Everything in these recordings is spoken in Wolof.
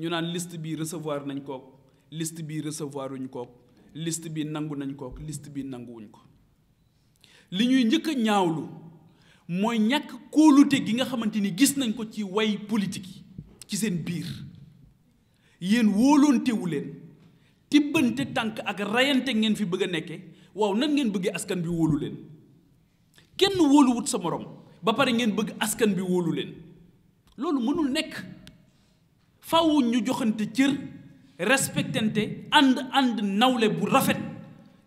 ñu naan list bi resevoir nañ kook list bi recevoir wuñ kook list bi nangu nañ kook list bi nanguwuñ ko li ñuy njëkk a ñaawlu mooy ñàkk kóolute gi nga xamante ni gis nañ ko ci way politique yi ci seen biir yéen wóoloontewu leen tibbante tànk ak rayante ngeen fi bëgg a nekke waaw nan ngeen bëggee askan bi wóolu leen kenn wóoluwut sa moroom ba pare ngeen bëgg askan bi wóolu leen loolu mënul nekk faw ñu joxante cër respectante ànd ànd nawle bu rafet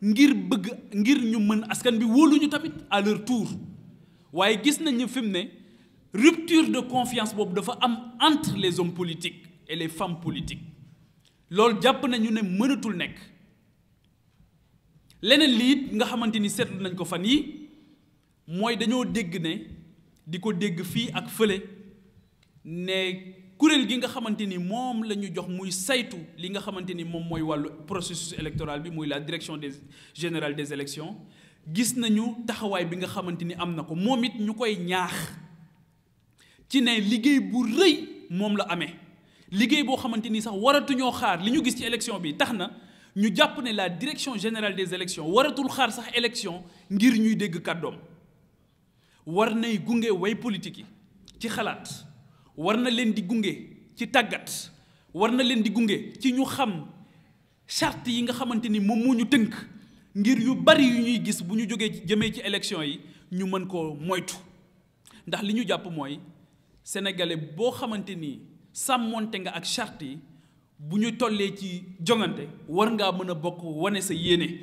ngir bëgg ngir ñu mën askan bi wóoluñu tamit à tour waaye gis nañu fi mu ne rupture de confiance boobu dafa am entre les hommes politiques et les femmes politiques loolu jàpp nañu ne mënatul nekk leneen lii nga xamante ni seetlu nañ ko fan yi mooy dañoo dégg ne di ko dégg fii ak fële ne kuréel gi nga xamante ni moom la ñu jox muy saytu li nga xamante ni moom mooy wàllu processus électoral bi muy la direction des générale des élections gis nañu taxawaay bi nga xamante ni am na ko moom it ñu koy ñaax ci ne liggéey bu rëy moom la amee liggéey boo xamante ni sax waratuñoo xaar li ñu gis ci élection bi tax na ñu jàpp ne la direction générale des élections waratul xaar sax élection ngir ñuy dégg kàddoom war nay gunge way politique yi ci xalaat war na leen di gunge ci tàggat war na leen di gunge ci ñu xam charte yi nga xamante ni moom moo ñu tënk ngir yu bari yu ñuy gis bu ñu jógee jëmee ci élection yi ñu mën koo moytu ndax li ñu jàpp mooy sénégalais boo xamante ni sàmmoonte nga ak charte yi bu ñu tollee ci jongante war ngaa mën a bokk wane sa yéene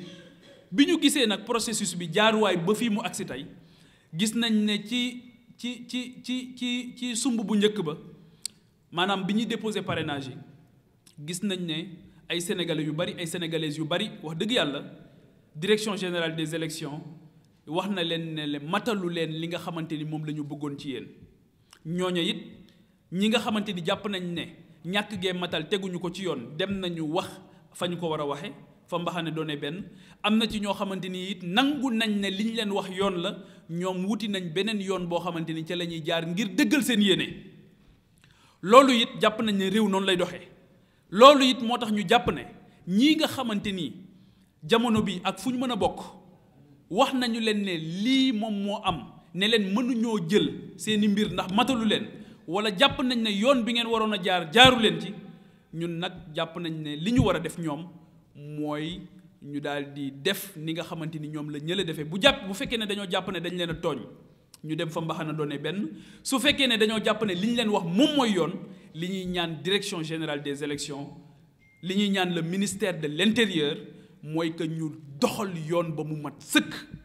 bi ñu gisee nag processus bi jaaruwaay ba fii mu agsi tey gis nañ ne ci ci ci ci ci ci sumb bu njëkk ba maanaam bi ñuy déposé parrainage yi gis nañ ne ay sénégalais yu bari ay sénégalaises yu bari wax dëgg yàlla direction générale des élections wax na leen ne matalu leen li nga xamante ni moom la ñu bëggoon ci yéen ñooño it ñi nga xamante ni jàpp nañ ne ñàkk gee matal teguñu ko ci yoon dem nañu wax fa ñu ko war a waxe fa mbaxane doone benn am na ci ñoo xamante ni it nangu nañ ne liñ leen wax yoon la ñoom wuti nañ beneen yoon boo xamante ni ci la ñuy jaar ngir dëggal seen yéene loolu it jàpp nañ ne réew noonu lay doxee loolu it moo tax ñu jàpp ne ñii nga xamante ni jamono bi ak fu ñu mën a bokk wax nañu leen ne lii moom moo am ne leen mënuñoo jël seeni mbir ndax matalu leen wala jàpp nañ ne yoon bi ngeen waroon a jaar jaaru leen ci ñun nag jàpp nañ ne li ñu war a def ñoom mooy ñu daal di def ni nga xamante ni ñoom la ñëla defee bu jàpp bu fekkee ne dañoo jàpp ne dañu leen a tooñ ñu dem fa mbaxana doone benn su fekkee ne dañoo jàpp ne li ñu leen wax moom mooy yoon li ñuy ñaan direction générale des élections li ñuy ñaan le ministère de l'intérieur mooy que ñu doxal yoon ba mu mat sëkk